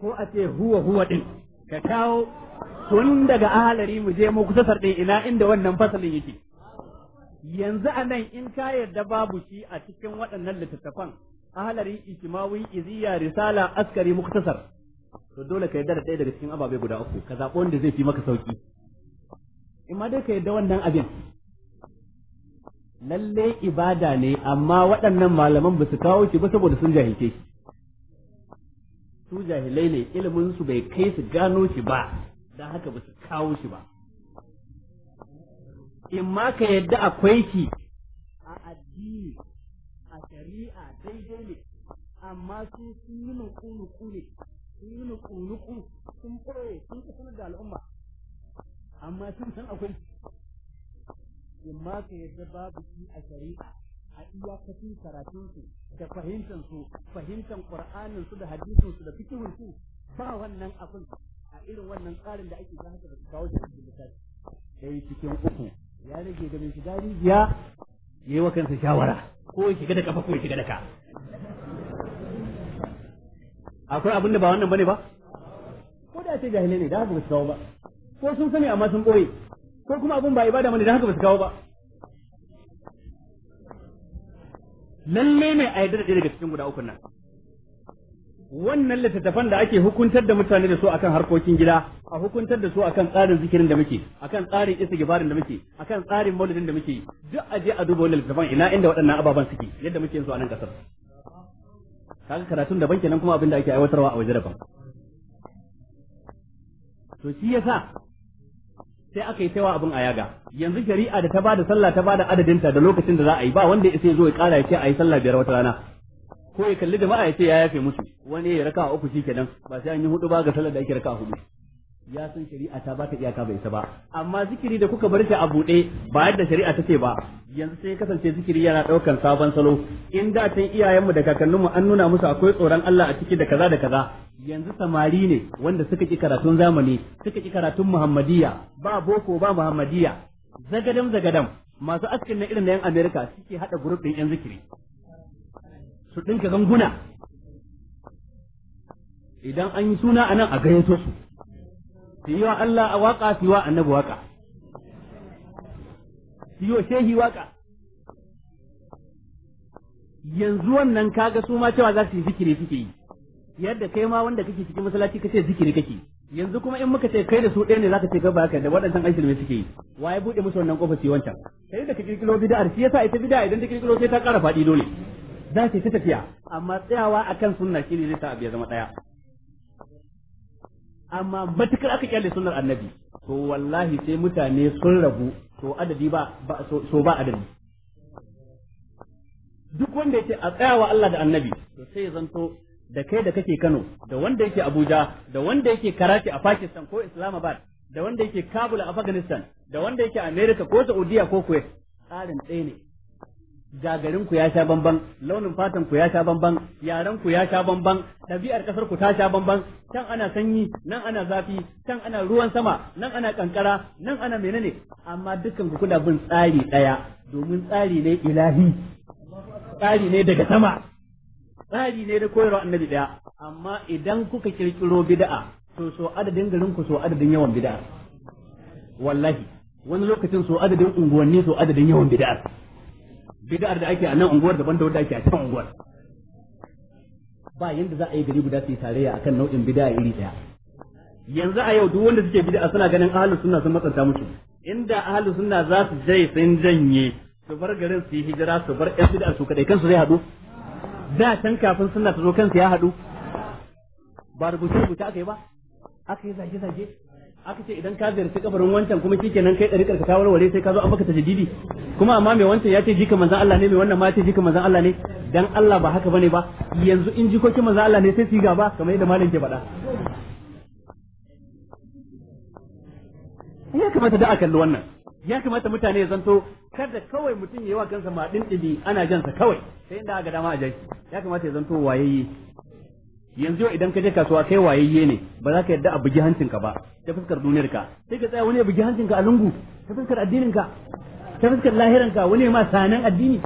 ko a ce huwa huwa din ka kawo tun daga ahalari mu je mu kusa din ina inda wannan fasalin yake yanzu a nan in ka yarda babu shi a cikin waɗannan littattafan ahalari ijimawi iziya risala askari muktasar to dole ka yarda da ɗaya daga cikin ababe guda uku ka zaɓi wanda zai fi maka sauki ma dai ka yarda wannan abin lalle ibada ne amma waɗannan malaman ba su kawo shi ba saboda sun jahilce shi su jahilai ne ilimin su bai kai su gano shi ba don haka ba su kawo shi ba in ma ka yadda akwai shi a addini a shari'a daidai ne amma su sun yi nuku-nuku ne sun yi nuku-nuku sun ɓoye sun kusurar da al'umma amma sun san akwai in ma ka yadda babu shi a shari'a a kafin karatun su da fahimtar su fahimtar qur'anin su da hadisin su da fikihun su ba wannan abin a irin wannan tsarin da ake ga haka da kawo shi cikin lissafi sai cikin uku ya rage da mai shiga rijiya yayi wa kansa shawara ko ya shiga da kafa ko ya shiga da ka akwai abin da ba wannan bane ba ko da ce jahilai ne da haka ba su kawo ba ko sun sani amma sun ɓoye. ko kuma abin ba ibada bane da haka ba su kawo ba lalle ne a yarda da daga cikin guda uku nan wannan littattafan da ake hukuntar da mutane da su akan harkokin gida a hukuntar da su akan tsarin zikirin da muke akan tsarin gibarin da muke akan tsarin maulidin da muke duk a je a duba wannan littattafan ina inda waɗannan ababen suke yadda muke su a nan kasar kaga karatun daban kenan kuma abin da ake aiwatarwa a waje daban to shi yasa sai aka yi taiwa abin ayaga yanzu shari'a da ta bada sallah ta bada adadinta da lokacin da za a yi ba wanda sai zo ya kara ya ce a yi sallah biyar wata rana ko ya kalli jama'a ya ce ya yafe musu wani ya raka uku shi kenan ba sai an yi hudu ba ga sallar da ake raka hudu ya san shari'a ta ba ta iyaka bai isa ba amma zikiri da kuka bar shi a buɗe ba yadda shari'a take ba yanzu sai kasance zikiri yana ɗaukan sabon salo in da tun iyayenmu da kakanninmu an nuna musu akwai tsoron Allah a ciki da kaza da kaza yanzu samari ne wanda suka ki karatun zamani suka ki karatun muhammadiya ba boko ba muhammadiya zagadam zagadam masu askin na irin na yan Amerika suke haɗa grup ɗin yan zikiri su ɗinka ganguna idan an yi suna anan a gayyato su su yi wa Allah a waka su yi wa annabi waka su yi wa shehi waka yanzu wannan kaga su ma cewa za su yi zikiri suke yi yadda kai ma wanda kake cikin masallaci kace zikiri kake yanzu kuma in muka ce kai da su ɗaya ne zaka ce gaba haka da waɗannan aikin me suke yi waye bude musu wannan kofar can. sai da ka kirkiro bid'ar shi yasa ita bid'a idan ta kirkiro sai ta ƙara faɗi dole za ta ta tafiya amma tsayawa akan sunna shine zai sa abu ya zama ɗaya amma matukar aka kyale sunnar annabi to wallahi sai mutane sun rabu to adadi ba so ba adadi duk wanda yake a tsayawa Allah da annabi to sai ya zanto da kai da kake Kano da wanda yake Abuja da wanda yake Karachi a Pakistan ko Islamabad da wanda yake Kabul a Afghanistan da wanda yake America ko Saudiya ko Kuwait tsarin ɗaya ne gagarin ku ya sha bamban launin fatan ku ya sha bamban yaran ku ya sha bamban ɗabi'ar kasar ku ta sha bamban can ana sanyi nan ana zafi can ana ruwan sama nan ana kankara nan ana menene amma dukkan ku kuna bin tsari ɗaya domin tsari ne ilahi tsari ne daga sama tsari ne da koyarwa annabi ɗaya amma idan kuka kirkiro bid'a to so adadin garin ku so adadin yawan bid'a wallahi wani lokacin so adadin unguwanni so adadin yawan bid'a bid'ar da ake a nan unguwar daban da wanda ake a can unguwar ba yanda za a yi gari guda su yi tarayya akan nau'in bid'a iri daya yanzu a yau duk wanda suke bid'a suna ganin ahlus sunna sun matsanta musu inda ahlus sunna za su je sun janye su bar garin su yi hijira su bar yan bid'a su kadai kansu zai hadu da can kafin sunna ta zo kansu ya hadu ba rubuce rubuce aka yi ba aka yi zage zage aka ce idan ka ziyarci kabarin wancan kuma nan kai ɗari ka warware sai ka zo an baka tajaddidi kuma amma mai wancan ya ce jika maza Allah ne mai wannan ma ya ce jika maza Allah ne dan Allah ba haka bane ba yanzu in jikokin maza Allah ne sai su yi gaba kamar yadda malam ke faɗa ya kamata da a kalli wannan ya kamata mutane ya zanto kada kawai mutum ya yi wa kansa ma ɗinɗini ana jansa kawai sai inda aka dama a jaki ya kamata ya zanto wayayye yanzu idan ka je kasuwa kai wayayye ne ba za ka yarda a bugi hancinka ba ta fuskar duniyar ka sai ka tsaya wani ya bugi hancinka a lungu ta fuskar addinin ka ta fuskar lahiran ka wani ma sanan addini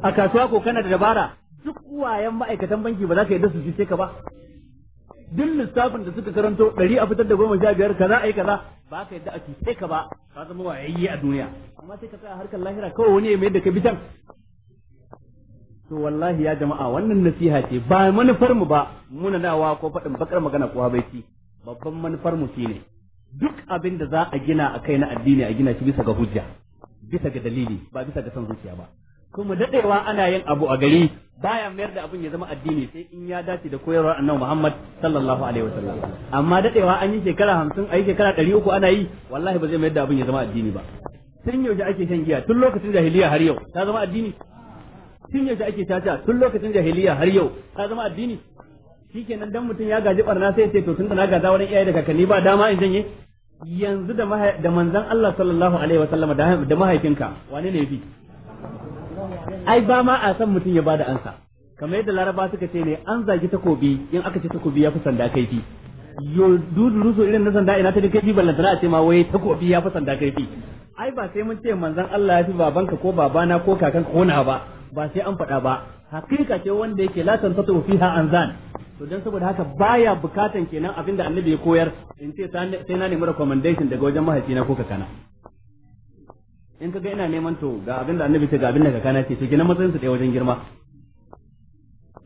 a kasuwa ko kana da dabara duk wayan ma'aikatan banki ba za ka yarda su cuce ka ba duk lissafin da suka karanto ɗari a fitar da goma sha biyar kaza a yi kaza ba ka yadda a cuce ka ba ka zama wayayye a duniya amma sai ka tsaya harkar lahira kawai wani ya mayar da ka bitan to wallahi ya jama'a wannan nasiha ce ba manufar mu ba muna dawa ko faɗin bakar magana kuwa bai ci babban manufar mu shine duk abin da za a gina a kai na addini a gina shi bisa ga hujja bisa ga dalili ba bisa ga son zuciya ba kuma dadewa ana yin abu a gari baya mayar da abin ya zama addini sai in ya dace da koyarwar annabi Muhammad sallallahu alaihi wasallam amma dadewa an yi shekara 50 yi shekara 300 ana yi wallahi ba zai mayar da abin ya zama addini ba tun yaushe ake shan giya tun lokacin jahiliya har yau ta zama addini tun yaushe ake caca tun lokacin jahiliya har yau ta zama addini kenan dan mutum ya gaji barna sai ce to tunda na gaza wurin iyaye da kakanni ba dama in janye yanzu da da manzon Allah sallallahu alaihi wa sallama da mahaifinka wane ne yafi ai ba ma a san mutum ya bada ansa kamar yadda laraba suka ce ne an zagi takobi in aka ce takobi ya fi sanda kaifi yo dudu rusu irin na sanda ina ta da kaifi na a ce ma wai takobi ya fi sanda kaifi ai ba sai mun ce manzon Allah ya fi babanka ko babana ko kakanka ko na ba ba sai an faɗa ba hakika ce wanda yake la tantatu fiha anzan to dan saboda haka baya bukatan kenan abinda annabi ya koyar in ce sai na nemi recommendation daga wajen mahaifina ko kakana in ka ga ina neman to ga abinda annabi ce ga abinda kakana ce to kenan matsayin su ɗaya wajen girma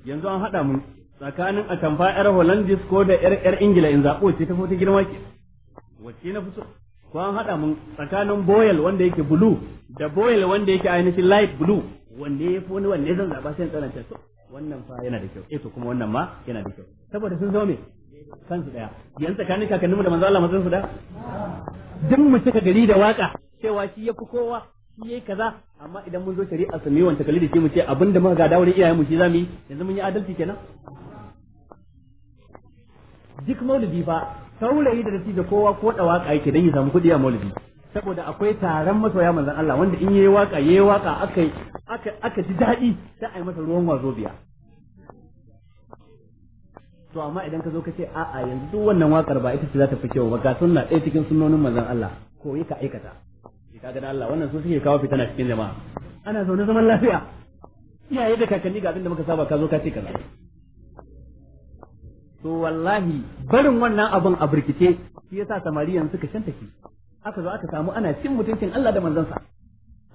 yanzu an haɗa mun tsakanin a tamfa yar Hollandis ko da yar yar Ingila in zaɓo ce ta fota girma ke wacce na fi so ko an haɗa mun tsakanin boyel wanda yake blue da boyel wanda yake ainihin light blue wanne ya fi wani wanne zan zaɓa sai in tsananta to wannan fa yana da kyau eh to kuma wannan ma yana da kyau saboda sun zama me kansu daya yan tsakanin kakanninmu da manzo Allah mazan su da duk mu cika gari da waka cewa shi yafi kowa shi yayi kaza amma idan mun zo shari'a su mai wanta kalli da shi mu ce abinda muka gada wurin iyayen mu shi zamu yi yanzu mun yi adalci kenan duk maulidi fa saurayi da da kowa ko da waka yake dan ya samu kuɗi a maulidi saboda akwai taron masoya manzon Allah wanda in yayi waka yayi waka aka aka aka ji daɗi sai a yi masa ruwan wazo biya to amma idan ka zo ka ce a'a yanzu duk wannan wakar ba ita ce za ta fi kyau ba ga sunna ɗaya cikin sunnonin manzon Allah ko yi ka aikata ka ga Allah wannan su suke kawo fitana cikin jama'a ana zaune zaman lafiya iyaye da kakanni ga abin da muka saba ka zo ka ce kaza to wallahi barin wannan abin a birkice shi yasa samariyan suka shanta shi aka zo aka samu ana cin mutuncin Allah da manzansa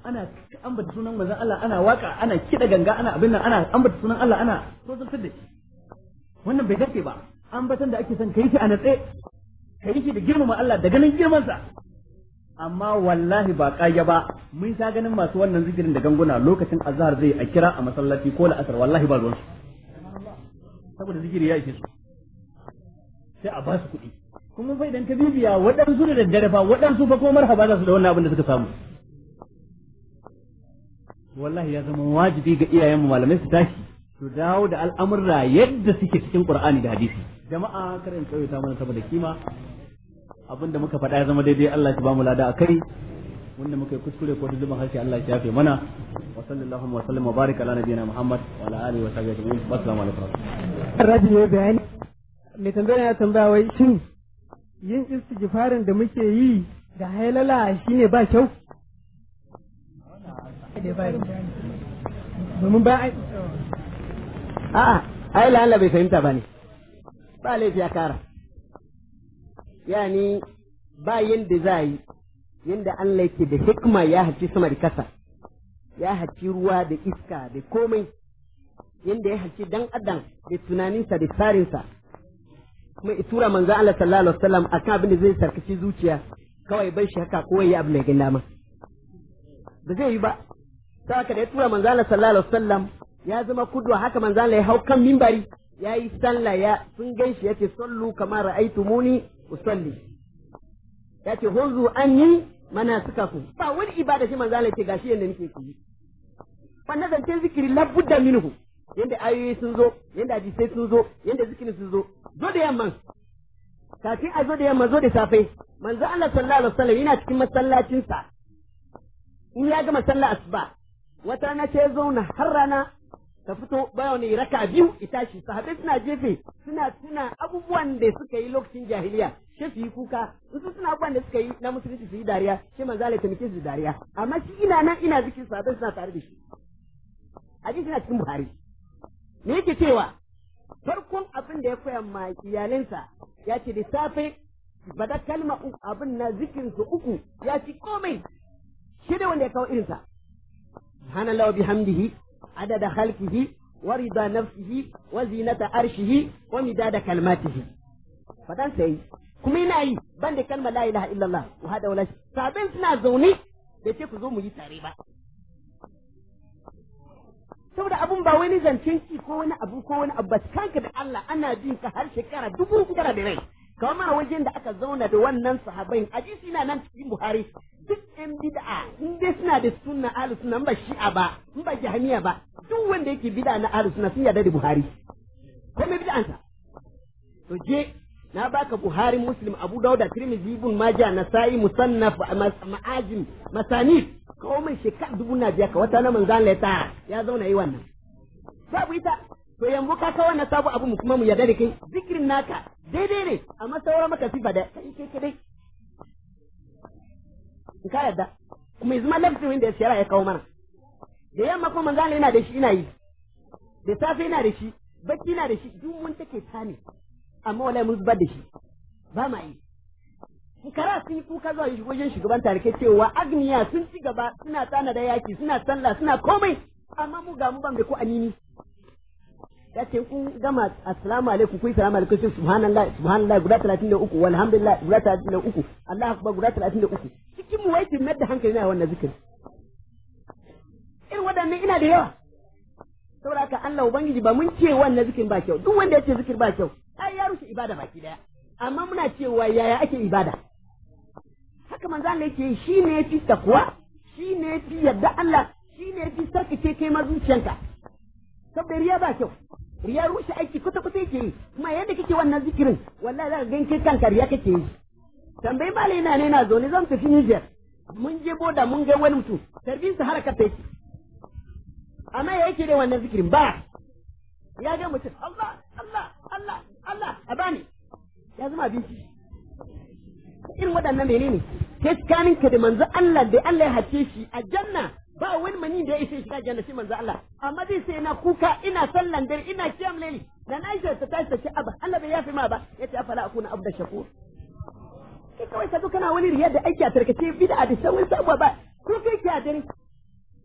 ana ambata sunan manzon Allah ana waka ana kida ganga ana abin nan ana ambata sunan Allah ana tozartar da shi wannan bai dace ba ambatan da ake son kai shi a natse kai shi da girmama Allah da ganin girmansa amma wallahi ba kaya ba mun sha ganin masu wannan zikirin da ganguna lokacin azhar zai a kira a masallaci ko la'asar wallahi ba ruwansu saboda zikiri ya ishe su sai a ba su kuɗi kuma fa idan ka bibiya waɗansu da daddare fa waɗansu fa ko marhaba za su da wannan abin da suka samu wallahi ya zama wajibi ga iyayen mu malamai su tashi su dawo da al'amurra yadda suke cikin Qur'ani da hadisi jama'a karin ta mana saboda kima da muka faɗa ya zama daidai Allah ya ba mu lada kai wanda muka yi kuskure ko dubban harshe Allah ya shafe mana wa sallallahu wa sallam wa baraka ala nabiyina Muhammad wa ala alihi wa sahbihi ajma'in assalamu alaikum rajin bayani mai tambaya ya tambaya wai shin yin istighfarin da muke yi da halala shine ba kyau domin ba a'a ai lalla bai fahimta bane ba laifi ya kara yani ba yanda za yi yanda Allah yake da hikma ya haci sama da kasa ya haci ruwa da iska da komai yanda ya haci dan adam da tunaninsa da tsarinsa kuma tura manzo Allah sallallahu alaihi wasallam akan abin da zai sarkaci zuciya kawai bai shi haka ko ya abu mai gina ma ba zai yi ba ta haka da ya tura manzo Allah sallallahu alaihi wasallam ya zama kudwa haka manzo Allah ya hau kan mimbari ya yi salla ya sun gan shi yace sallu kamar muni usalli yace hunzu anni mana suka ku ba wani ibada shi manzo Allah yake gashi yanda nake ku wannan zance zikiri labudda minhu yadda ayoyi sun zo yadda hadisai sun zo yadda zikini sun zo zo da yamma kafin a zo da yamma zo da safe manzo Allah sallallahu alaihi wasallam yana cikin masallacinsa in ya gama sallar asuba wata rana ta zauna har rana ta fito bayan ne raka biyu ita shi sahabbai suna jefe suna suna abubuwan da suka yi lokacin jahiliya shi su yi kuka su suna abubuwan da suka yi na musulunci su yi dariya shi manzo Allah ta ke su dariya amma shi ina nan ina zikin sahabbai suna tare da shi hadisi suna cikin Buhari me yake cewa farkon abin da ya koya ma iyalinsa ya ce da safe ba da kalma uku abin na zikin su uku ya ci komai shi ne wanda ya kawo irinsa subhanallahi hamdihi adada halkihi wa rida nafsihi wa zinata arshihi wa da kalmatihi fadan sai kuma yana yi ban da kalma la ilaha illallah wa hada wala sabin suna zaune da ce ku zo mu yi tare ba saboda abun ba wani zancen ki ko wani abu ko wani abu kanka da Allah ana jin ka har shekara dubu shekara da rai kamar ma wajen da aka zauna da wannan sahabai ji suna nan cikin Buhari duk ɗan bid'a in dai suna da sunna ahlus sunna ba shi'a ba in ba jahmiya ba duk wanda yake bid'a na ahlus sunna sun yarda da Buhari ko me ta to je na baka Buhari Muslim Abu Dawud Tirmidhi Ibn Majah Nasa'i Musannaf Ma'ajim Masanif kawo mai shekar dubu na biya ka wata na manzan leta ya zauna yi wannan babu ita to yanzu ka kawo wannan sabu abu mu kuma mu yarda da kai zikirin naka daidai ne amma sauran maka sifa da kai kai kai dai in ka yarda kuma yanzu ma lafsin wanda ya siyara ya kawo mana da yamma kuma manzan yana da shi ina yi da safe yana da shi bacci na da shi duk mun take tani amma wala mun zubar da shi ba ma yi Kara sun yi kuka zuwa wajen shugaban tarike cewa agniya sun ci gaba suna tsana da yaki suna sallah suna komai amma mu ga mu ban da ku anini ya ce kun gama assalamu alaikum kun salamu alaikum sai subhanallah subhanallah guda 33 walhamdulillah guda 33 Allah akbar guda 33 cikin mu wai timmar da hankali na wannan zikiri irin waɗannan ina da yawa saboda haka Allah ubangiji ba mun ce wannan zikirin ba kyau duk wanda ya ce zikir ba kyau ai ya rushe ibada baki daya amma muna cewa yaya ake ibada haka manzo Allah yake shi ne fi takwa shi ne fi yadda Allah shi ne fi sarkace kai mazuciyanka saboda riya ba kyau riya rushe aiki kuta kuta yake yi kuma yadda kake wannan zikirin wallahi za ka gan kai kanka riya kake yi tambayi malai na ne na zo ne zan tafi Niger mun je boda mun ga wani mutum tarbin sa haraka ta amma ya yake da wannan zikirin ba ya ga mutum Allah Allah Allah Allah a bani ya zama abinci irin waɗannan ne sai tsakanin ka da manzo Allah da Allah ya hace shi a janna ba wani mani da ya ishe shi janna shi manzo Allah amma zai sai na kuka ina sallan dare ina kiyam laili dan Aisha ta tashi ta ce aba Allah bai yafi ma ba yace afala akuna abda shakur kai kawai ka zo kana wani riya da aiki a tarkace bid'a da sauran sabuwa ba ko kai ki a dare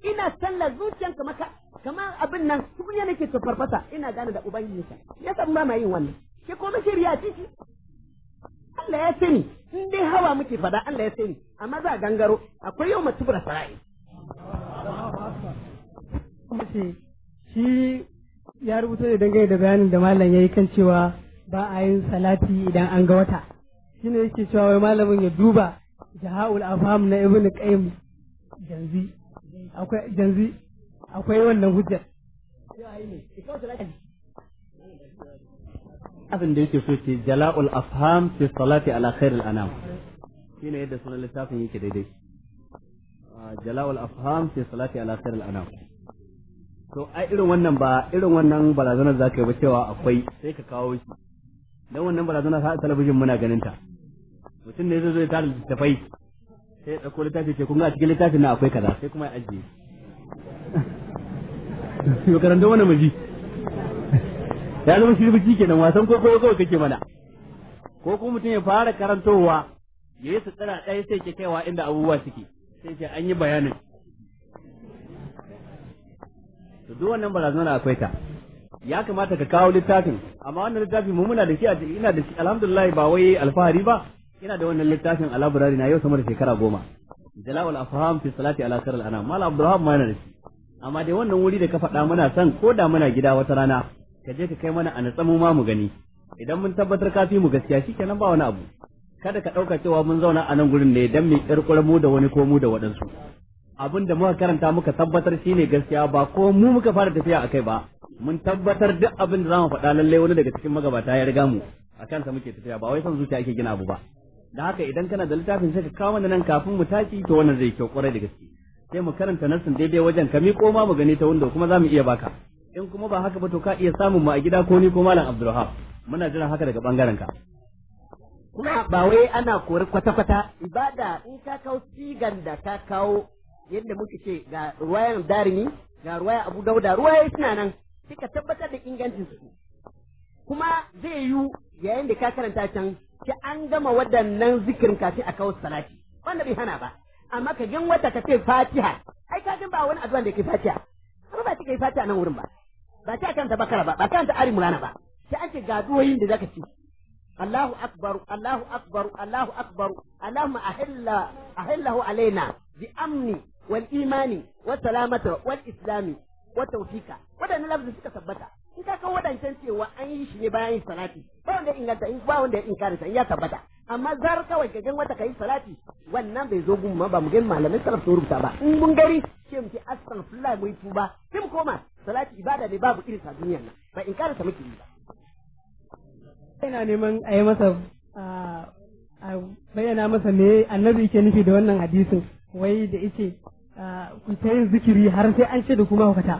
ina sallar zuciyan maka kamar abin nan kuma nake ke farfasa ina gane da ubangiji ya san ba ma yin wannan ke komai shirya titi. Allah ya sani in dai hawa muke fada Allah ya sani amma za a gangaro akwai yau mutum da fara'i shi ya rubuta ne dangane da bayanin da malam yayi kan cewa ba a yin salati idan an ga wata shine yake cewa wai malamin ya duba jaha'ul afham na ibn qayyim janzi akwai janzi akwai wannan hujjar ya yi ne abin da yake so ce jala'ul afham fi salati ala khairil anam shine yadda sunan littafin yake daidai ah, jala'ul afham fi salati ala khairil anam to ai irin wannan ba irin wannan barazanar za ka yi ba cewa akwai sai ka kawo shi dan wannan barazanar sa talabijin muna ganin ta mutum ne zai zo ya tafai sai ya dauko littafi ce kun ga a cikin littafin na akwai kaza sai kuma ya ajiye yo karanta wannan maji ya zama shirbici kenan wasan ko kowa kawai kake mana ko kuma mutum ya fara karantowa ya yi sutura ɗaya sai ke kaiwa inda abubuwa suke sai ce an yi bayanin to duk wannan barazanar akwai ta ya kamata ka kawo littafin amma wannan littafin mu muna da shi ina da shi alhamdulillah ba wai alfahari ba ina da wannan littafin a library na yau sama da shekara goma jala'ul afham fi salati ala sirr al anam mal abdurrahman da shi amma dai wannan wuri da ka faɗa muna son ko da muna gida wata rana ka je ka kai mana a natsamu ma mu gani idan mun tabbatar ka fi mu gaskiya shikenan ba wani abu kada ka ɗauka cewa mun zauna a nan gurin ne dan mu kirkura mu da wani ko mu da waɗansu abin da muka karanta muka tabbatar shi ne gaskiya ba ko mu muka fara tafiya akai ba mun tabbatar duk abin da mu faɗa lalle wani daga cikin magabata ya riga mu akan sa muke tafiya ba wai son zuciya ake gina abu ba da haka idan kana da littafin sai ka kawo mana nan kafin mu taki to wannan zai kyau kwarai da gaske sai mu karanta nassin daidai wajen ka mi ma mu gani ta wanda kuma zamu iya baka in kuma ba haka ba to ka iya samun mu a gida ko ni ko malam Abdulrahman muna jiran haka daga bangaren ka kuma ba wai ana kori kwata kwata ibada in ka kawo sigan da ka kawo yadda muke ce ga ruwayan darimi ga ruwayan Abu Dauda ruwaye suna nan kika tabbatar da ingancin su kuma zai yiwu yayin da ka karanta can ki an gama waɗannan zikirin kafin a kawo salati wanda bai hana ba amma ka gin wata ka ce fatiha ai ka ba wani addu'a da ke fatiha kuma ba ta kai fatiha nan wurin ba ba ta kanta bakara ba ba ta kanta ari murana ba sai an ga duwayin da zaka ci Allahu akbar Allahu akbar Allahu akbar Allahumma ahilla ahillahu alaina bi amni wal imani wa salamata wal islami wa tawfika wadannan lafzin suka tabbata in ka kawo wadancan cewa an yi shi ne bayan salati ba wanda inganta ba wanda ya inkari in ya tabbata amma zar kawai ka wata kai salati wannan bai zo gun ma ba mu gan malamai salaf sun rubuta ba in mun gari ke mu ce astaghfirullah mu yi tuba sai mu koma salati ibada ne babu irin sa duniyar nan ba in karanta miki ba ina neman a yi masa a bayyana masa me annabi ke nufi da wannan hadisin wai da yake ku ta yin zikiri har sai an ce da kuma hukata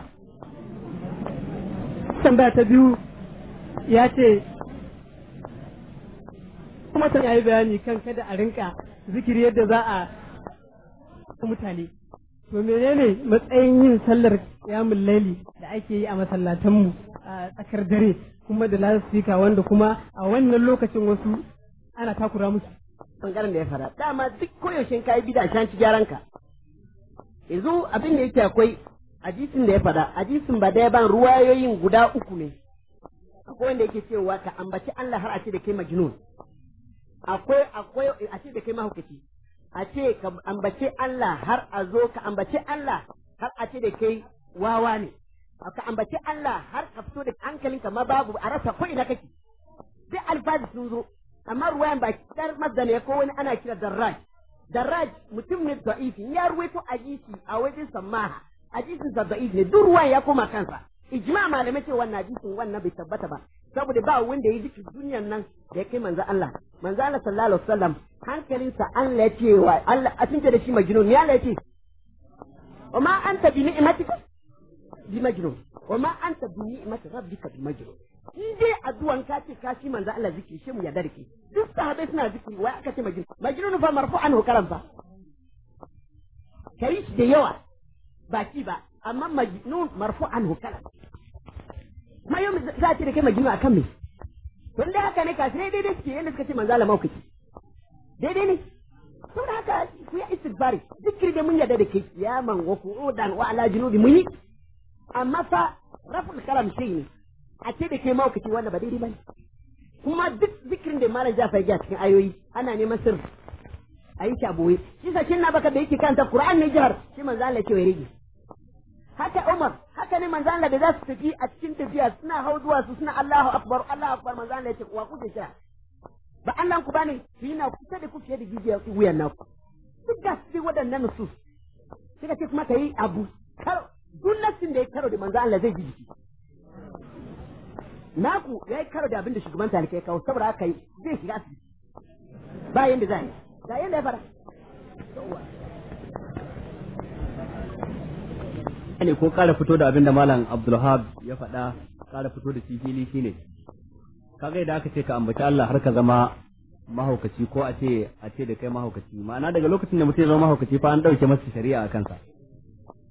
tambaya ta biyu ya ce kuma ta yi bayani kan kada a rinka zikiri yadda za a mutane to menene matsayin yin sallar qiyamul laili da ake yi a masallatanmu a tsakar dare kuma da lasifika wanda kuma a wannan lokacin wasu ana takura musu bangaren da ya fara dama duk koyaushe ka yi bida shan ci gyaran ka yanzu abin da yake akwai hadisin da ya fada hadisin ba da ban ruwayoyin guda uku ne akwai wanda yake cewa ka ambaci Allah har a ce da kai majnun akwai akwai a ce da kai mahaukaci a ce ka ambace Allah har a zo ka ambace Allah har a ce da kai wawa ne ka ambace Allah har ka fito da hankalinka ma babu a rasa ko ina kake sai alfazi sun zo amma ruwayan ba kidar mazdana ko wani ana kira darraj darraj mutum ne da'ifi ya ruwaito hadisi a wajen samaha hadisin sa da'ifi ne duk ruwan ya koma kansa ijma malamai ce wannan hadisin wannan bai tabbata ba saboda ba wanda ya duki duniyan nan da ya kai manzo Allah manzo Allah sallallahu alaihi wasallam hankalinsa Allah ya ce wa Allah a tunta da shi majnun ya Allah ya ce wa ma anta bi ni'matika bi majnun wa ma anta bi ni'mati rabbika bi majnun in dai addu'an ka ce ka shi manzo Allah zikiri shi mu yarda dake duk sahabbai suna zikiri wai aka ce majnun majnun fa marfu'an hu karam fa kai shi da yawa baki ba amma majnun marfu'an hu kalam ma yau za a ce da kai a kan mai don da haka ne kashi daidai suke yadda suka ce manzo la maukaci daidai ne da haka ku ya istighfari zikiri da mun yadda da kai man wa qu'udan wa ala junubi mun yi amma fa raful kalam shi ne a ce da kai maukaci wanda ba daidai ba ne. kuma duk zikirin da malam Jafar ya cikin ayoyi ana neman sir a yi shaboye shi sakin na baka da yake kanta Qur'an ne jihar shi manzo Allah ya ce wai rage haka Umar haka ne manzan da za su tafi a cikin tafiya suna hau zuwa su suna Allahu akbar Allahu akbar manzo ya ce wa kuke sha ba Allah ku bane ku yi na kusa da ku kuke da gijiya ku na ku duk da su nasu sai ka ce kuma kai abu karo duk nasin da ya karo da manzan Allah zai ji na naku ya yi karo da abin da shugaban talika ya kawo saboda haka zai shiga su ba yanda za yi ga yanda ya fara ne ko kara fito da abin da malam abdulhab ya faɗa ƙara fito da fili ne kaga da aka ce ka ambaci Allah har ka zama mahaukaci ko a ce a ce da kai mahaukaci ma'ana daga lokacin da mutum ya zama mahaukaci fa an ɗauke masa shari'a a kansa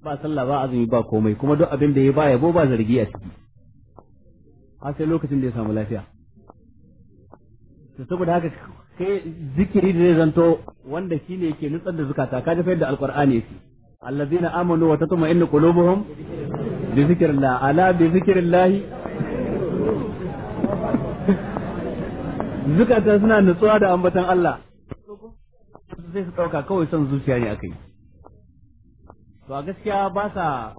ba sallah ba azumi ba komai kuma duk abin da ya ba yabo ba zargi a ciki har sai lokacin da ya samu lafiya saboda haka kai zikiri da zai zanto wanda shine yake nutsar da zukata ka ji fa yadda alqur'ani yake الذين آمنوا وتطمئن قلوبهم بذكر الله ألا بذكر الله suna nutsuwa da ambatan Allah sai su ɗauka kawai son zuciya ne aka yi to a gaskiya ba sa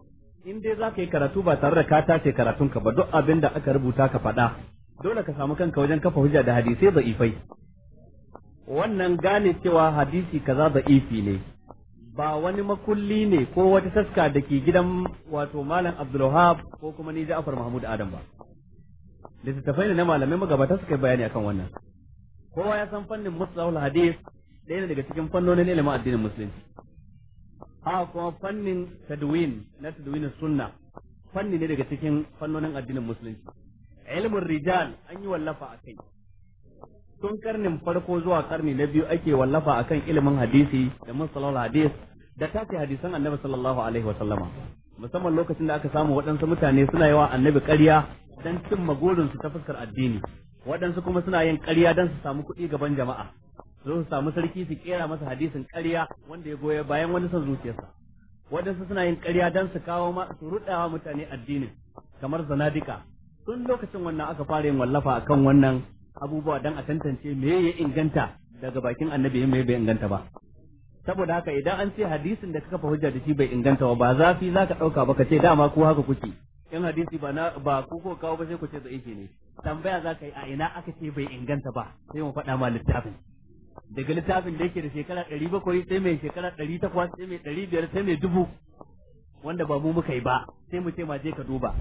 in dai za ka yi karatu ba tare da ka tace karatunka ba duk abin da aka rubuta ka faɗa dole ka samu kanka wajen kafa hujja da hadisai da ifai wannan gane cewa hadisi kaza da ifi ne ba wani makulli ne ko wata taska da ke gidan wato malam Abdulwahab ko kuma ni Ja'far Mahmud Adam ba littattafai ne na malamai magabata suka yi bayani akan wannan kowa ya san fannin mustalahul Hadis, ɗaya ne daga cikin fannonin ilimin addinin musulunci a kuma fannin tadwin na tadwin sunna fanni ne daga cikin fannonin addinin musulunci ilimin rijal an yi wallafa a kai tun karnin farko zuwa karni na biyu ake wallafa akan ilimin hadisi da musalal hadis da ce hadisan annabi sallallahu alaihi wa sallama musamman lokacin da aka samu waɗansu mutane suna yawa annabi ƙarya dan cimma gurin su ta fuskar addini waɗansu kuma suna yin ƙarya dan su samu kuɗi gaban jama'a zo su samu sarki su kera masa hadisin ƙarya wanda ya goya bayan wani son zuciyarsa waɗansu suna yin ƙarya dan su kawo ma su ruɗawa mutane addinin kamar zanadika tun lokacin wannan aka fara yin wallafa akan wannan abubuwa don a tantance me ya inganta daga bakin annabi me bai inganta ba saboda haka idan an ce hadisin da ka kafa hujja da shi bai inganta ba ba za ka ɗauka ba ka ce dama ko haka kuke in hadisi ba na ba ku ko kawo ba sai ku ce da'ifi ne tambaya za ka yi a ina aka ce bai inganta ba sai mu faɗa ma littafin daga littafin da yake da shekara ɗari bakwai sai mai shekara ɗari takwas sai mai ɗari biyar sai mai dubu wanda ba mu muka yi ba sai mu ce ma je ka duba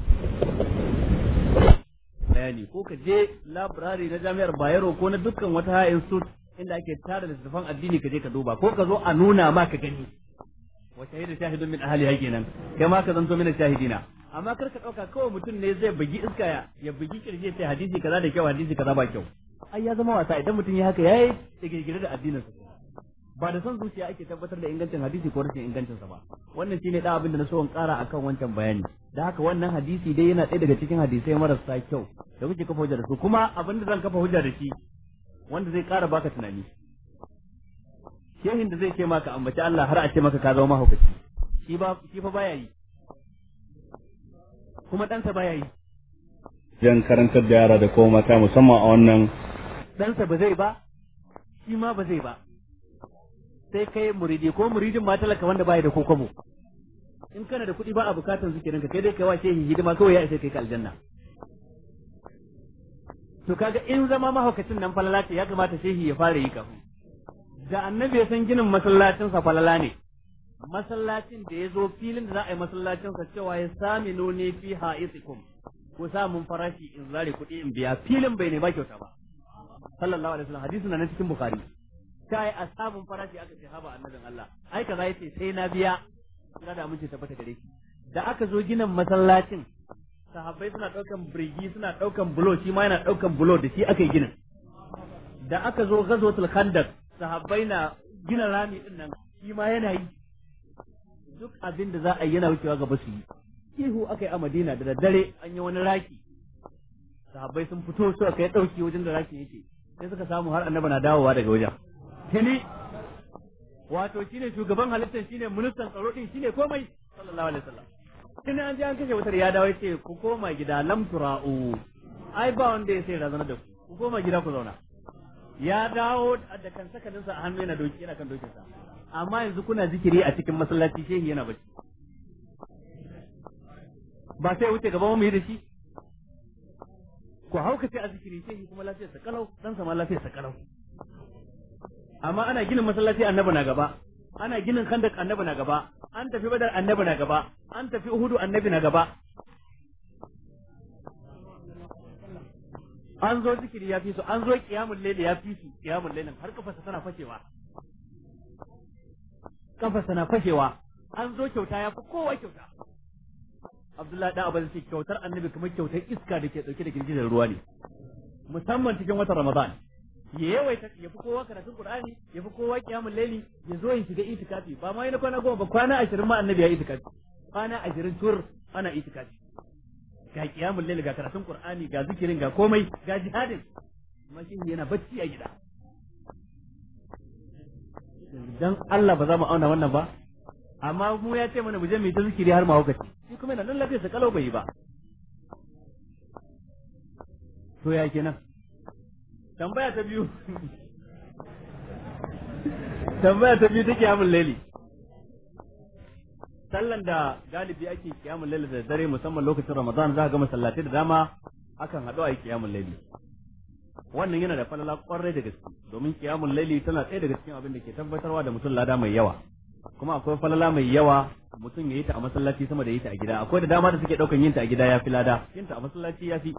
bayani ko ka je labrari na jami'ar Bayero ko na dukkan wata ha'in institute inda ake tara littattafan addini ka je ka duba ko ka zo a nuna ma ka gani wa shahidu shahidun min ahli haƙi nan kai ma ka zanto mina shahidina amma kar ka ɗauka kawai mutum ne zai bugi iska ya ya bugi kirje sai hadisi kaza da kyau hadisi kaza ba kyau ai ya zama wasa idan mutum ya haka yayi da girgire da addinin sa ba da son zuciya ake tabbatar da ingancin hadisi ko rashin ingancin sa ba wannan shine da abin da na so in kara akan wancan bayani da haka wannan hadisi dai yana ɗaya daga cikin hadisai marasa kyau da kuke kafa hujja da su kuma abin da zan kafa hujja da shi wanda zai ƙara baka tunani shehin da zai ce maka ambaci Allah har a ce maka ka zama mahaukaci shi ba shi fa baya yi kuma ɗansa baya yi jan karantar da yara da kuma mata musamman a wannan ɗansa ba zai ba shi ma ba zai ba sai kai muridi ko muridin ma talaka wanda baya da kokobo in kana da kuɗi ba a bukatan zikirin ka sai dai kawai shehi hidima kawai ya isa kai ka aljanna to kaga in zama mahaukacin nan falala ce ya kamata shehi ya fara yi kafin da annabi ya san ginin masallacin sa falala ne masallacin da ya zo filin da za a yi masallacin sa cewa ya sami nune fi ha'isikum ko samun farashi in zare kuɗi in biya filin bai ne ba kyauta ba sallallahu alaihi wasallam hadisin nan cikin bukhari ta a samun farashi aka ce haba annabin Allah ai kaza yace sai na biya ya da amince tabbata gare shi da aka zo ginin masallacin sahabbai suna daukan birgi suna daukan bulo shi ma yana daukan bulo da shi aka yi ginin da aka zo ghazwatul khandaq sahabbai na gina rami din nan shi ma yana yi duk abin da za a yi yana wucewa gaba su yi ihu aka yi a Madina da daddare an yi wani raki sahabbai sun fito su aka yi dauki wajen da raki yake sai suka samu har annaba na dawowa daga wajen tini wato shine shugaban halittar shine ministan tsaro din shine komai sallallahu alaihi wasallam tun an ji an kashe wutar ya dawo yace ku koma gida lam tura'u ai ba wanda ya sai razana da ku ku koma gida ku zauna ya dawo da kan sakalin sa a hannu yana doki yana kan dokin sa amma yanzu kuna zikiri a cikin masallaci shehi yana bacci ba sai wuce gaba mu yi da shi ku hauka sai a zikiri shehi kuma lafiyarsa kalau dan sa ma lafiyarsa kalau amma ana ginin masallaci annabi na gaba ana ginin khandaq annabi na gaba an tafi badar annabi na gaba an tafi uhudu annabi na gaba an zo zikiri ya fi su an zo kiyamul layli ya fi su kiyamul laylin har kafa tana fashewa kafa tana fashewa an zo kyauta ya fi kowa kyauta Abdullahi da abin ce kyautar annabi kamar kyautar iska da ke dauke da girgizar ruwa ne musamman cikin watan Ramadan ya yawaita ya fi kowa karatun Qur'ani ya fi kowa kiyamul laili ya zo ya shiga itikafi ba ma yana kwana goma ba kwana ashirin ma annabi ya itikafi kwana ashirin tur ana itikafi ga kiyamul laili ga karatun Qur'ani ga zikirin ga komai ga jihadin amma shi yana bacci a gida dan Allah ba za mu auna wannan ba amma mu ya ce mana mu je mu yi ta zikiri har ma wakati shi kuma yana nan sa kalau bai yi ba to ya kenan tambaya ta biyu tambaya ta biyu ta kiyamun laili sallan da galibi ake kiyamun laili da dare musamman lokacin ramadan za ka ga masallatai da dama akan haɗu a yi kiyamun laili wannan yana da falala kwarai da gaske domin kiyamun laili tana ɗaya daga cikin abin da ke tabbatarwa da mutum lada mai yawa kuma akwai falala mai yawa mutum ya yi ta a masallaci sama da yi ta a gida akwai da dama da suke ɗaukan yin ta a gida ya fi lada yin ta a masallaci ya fi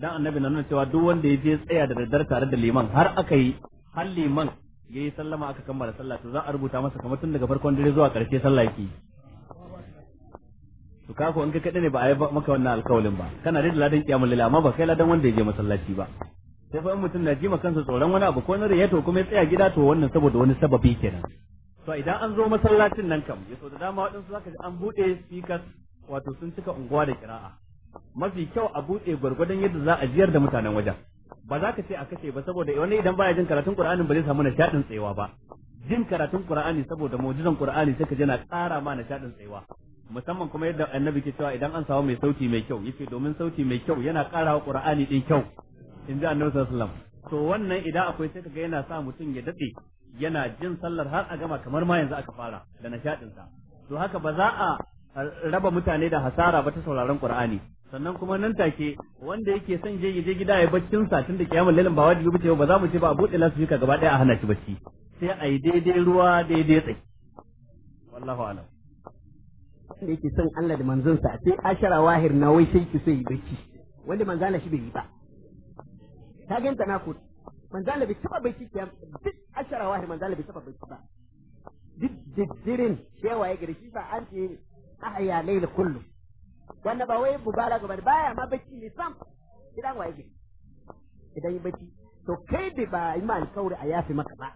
dan annabi na nuna cewa duk wanda ya je tsaya da daddare tare da liman har aka yi har liman ya yi sallama aka kammala sallah to za a rubuta masa kamar tun daga farkon dare zuwa karshe sallah yake to ka ko in ka kada ne ba a yi maka wannan alƙawalin ba kana da ladan kiyamul lillah amma ba kai ladan wanda ya je masallaci ba sai fa mutum na jima kansa tsoron wani abu ko na riya to kuma ya tsaya gida to wannan saboda wani sababi kenan to idan an zo masallacin nan kam ya so da dama waɗansu zaka ji an buɗe speakers wato sun cika unguwa da kira'a mafi kyau a buɗe gwargwadon yadda za a jiyar da mutanen wajen ba za ka ce a kashe ba saboda wani idan baya jin karatun qur'anin ba zai samu nishadin tsayawa ba jin karatun qur'ani saboda mu'jizan qur'ani sai ka ji na ƙara ma nishadin tsayawa musamman kuma yadda annabi ke cewa idan an samu mai sauti mai kyau yace domin sauti mai kyau yana ƙara wa qur'ani din kyau in ji annabi sallallahu alaihi wasallam to wannan idan akwai sai ka ga yana sa mutum ya dade yana jin sallar har a gama kamar ma yanzu aka fara da nishadin sa to haka ba za a raba mutane da hasara ba ta sauraron qur'ani sannan kuma nan take wanda yake son je ya je gida ya baccin sa tunda kiyamul lailin ba wajibi bace ba za mu ce ba a bude lasfika gaba daya a hana shi bacci sai a yi daidai ruwa daidai tsaki wallahu alam wanda yake son Allah da manzon sa sai ashara wahir na wai sai ki so yi bacci wanda manzala shi bai yi ba ta ganta na ku manzala bai taba bacci kiyam duk ashara wahir manzala bai taba bacci ba duk diddirin cewa ya gari shi ba an ce ahya laila kullu wanda ba wai mubalaga ba baya ma bacci ne sam idan waye gidi idan yi bacci to kai da ba yi ma alkawari a yafi maka ba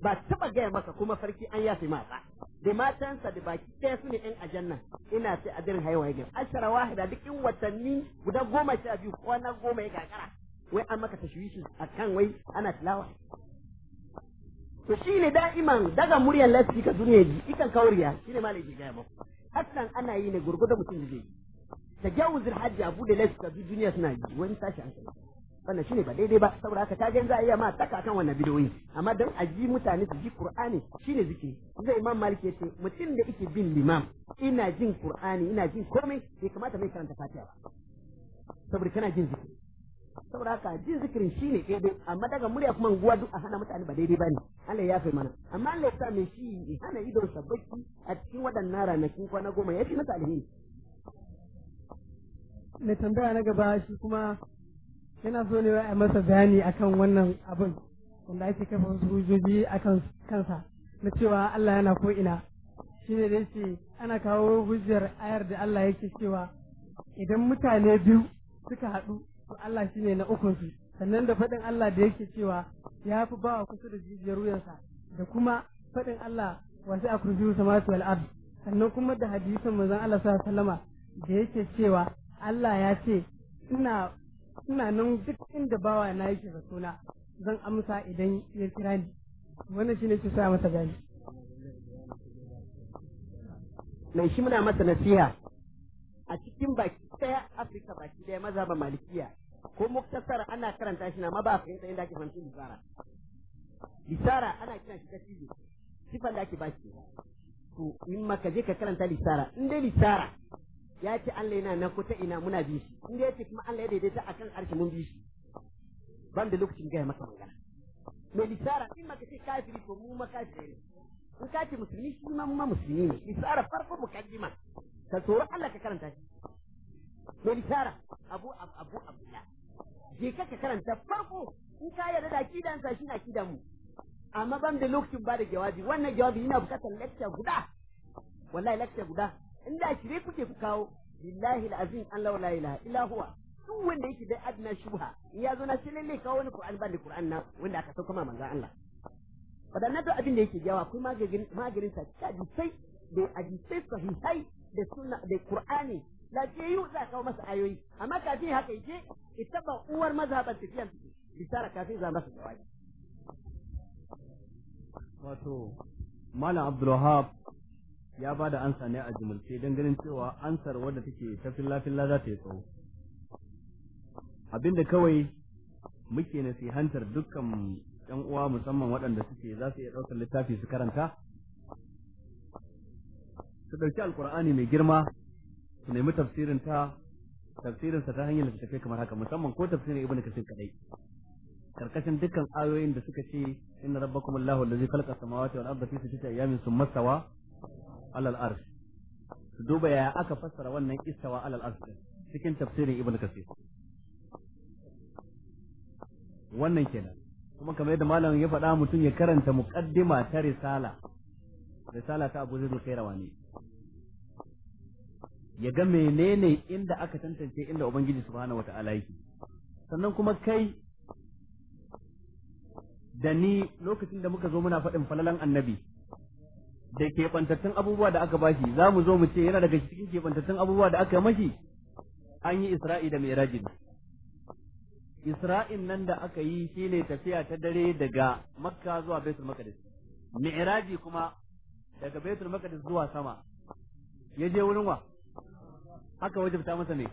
ba taba gaya maka kuma sarki an yafi ma ba da matansa da baki ɗaya su ne ɗan ajanna ina sai a dirin haihuwa gidi ashara wahida duk in watanni guda goma sha biyu kwana goma ya gagara wai an maka tashwishi kan wai ana tilawa to shi ne da'iman daga muryar lafi ka duniya ji ikan kauriya shi ne malai ke gaya maku hakan ana yi ne gurgudan mutum zai yi da jawuzul hajji a bude lafiya duk duniya suna yi wani tashi kai wannan shine ba daidai ba saboda haka kaga za a iya ma saka kan wannan bidoyi amma dan a ji mutane su ji qur'ani shine zikiri zai imam malik yace mutum da yake bin limam ina jin qur'ani ina jin komai bai kamata mai karanta fatiha ba saboda kana jin zikiri saboda haka jin zikirin shine daidai amma daga murya kuma guwa duk a hana mutane ba daidai bane Allah ya fi mana amma Allah ya sa mai shi hana idon sa a cikin waɗannan ranakun kwana goma ya fi masa alheri mai tambaya na gaba shi kuma yana so ne a masa bayani akan wannan abin wanda ake kafa wasu hujjoji akan kansa na cewa Allah yana ko ina ne da ce ana kawo hujjar ayar da Allah yake cewa idan mutane biyu suka haɗu to Allah shi ne na ukun su sannan da faɗin Allah da yake cewa ya fi ba wa kusa da jijiyar wuyansa da kuma faɗin Allah wasu a kurjiyu samatu al'adu sannan kuma da hadisin manzon Allah sallallahu alaihi wasallama da yake cewa Allah ya ce ina ina nan duk inda bawa na yake da suna zan amsa idan ya kira ni wannan shine ke sa masa gani mai shi muna masa nasiha a cikin baki daya Afirka baki daya ba malikiya ko muktasar ana karanta shi na ma ba a fahimta inda ake fahimta bisara bisara ana kiran shi tasiri sifan da ake ba shi to in ma ka je ka karanta bisara in dai bisara ya ce Allah yana na kuta ina muna bi shi inda ya ce kuma Allah ya daidaita akan arshi mun bi shi ban da lokacin gaya maka magana mai lisara in maka ce kafiri ko mu makafiri in ka ce musulmi shi ma ma musulmi ne lisara farko mukaddima ka tsoro Allah ka karanta shi mai lisara abu abu ya je ka ka karanta farko in ka yarda da sa shi na kidan mu amma ban da lokacin ba da jawabi wannan jawabi yana bukatar lecture guda wallahi lecture guda in da shi dai kuke ku kawo lillahi alazim Allah la ilaha illa huwa duk wanda yake da adna shubha ya zo na sai lalle kawo wani Qur'an ban da Qur'an na wanda aka sauka ma manzo Allah wadannan duk abin da yake jawa akwai magarin maganin sa ji sai da aji sai sahihai da sunna da Qur'ani la lafiyayyu za kawo masa ayoyi amma kafin haka yake itaba uwar mazhaban tafiyan bisara kafin za masa jawabi wato malam Abdulwahab ya ba da ansa ne a jimilce don ganin cewa ansar wadda take ta filla-filla za ta yi tsawo abinda kawai muke nasihantar dukkan yan uwa musamman waɗanda suke za su iya ɗaukar littafi su karanta su ɗauki alkur'ani mai girma su nemi tafsirin ta tafsirinsa ta hanyar tafi kamar haka musamman ko tafsirin ibnu kasir kadai karkashin dukkan ayoyin da suka ce inna rabbakumullahu allazi khalaqa samawati wal arda fi sittati ayamin thumma stawa alal arsh duba yaya aka fassara wannan istawa alal arsh cikin tafsirin ibn kasir wannan kenan kuma kamar yadda malamin ya faɗa mutum ya karanta muqaddima ta risala risala ta Abu Zaid Khairawani ya ga menene inda aka tantance inda ubangiji subhanahu wata'ala yake sannan kuma kai da ni lokacin da muka zo muna faɗin falalan annabi da keɓantattun abubuwa da aka bashi za mu zo mu ce yana daga cikin keɓantattun abubuwa da aka mashi an yi isra'i da mai isra'in nan da aka yi shi ne tafiya ta dare daga makka zuwa baitul maqdis mi'raji kuma daga baitul maqdis zuwa sama ya je wurin wa aka wajibta masa ne